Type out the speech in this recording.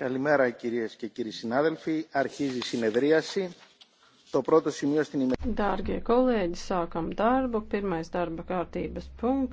Καλημέρα κυρίες και κύριοι συνάδελφοι. Αρχίζει η συνεδρίαση. Το πρώτο σημείο στην ημέρα. Dārgie kolēģi, sākam darbu. Pirmais darba kārtības punkts.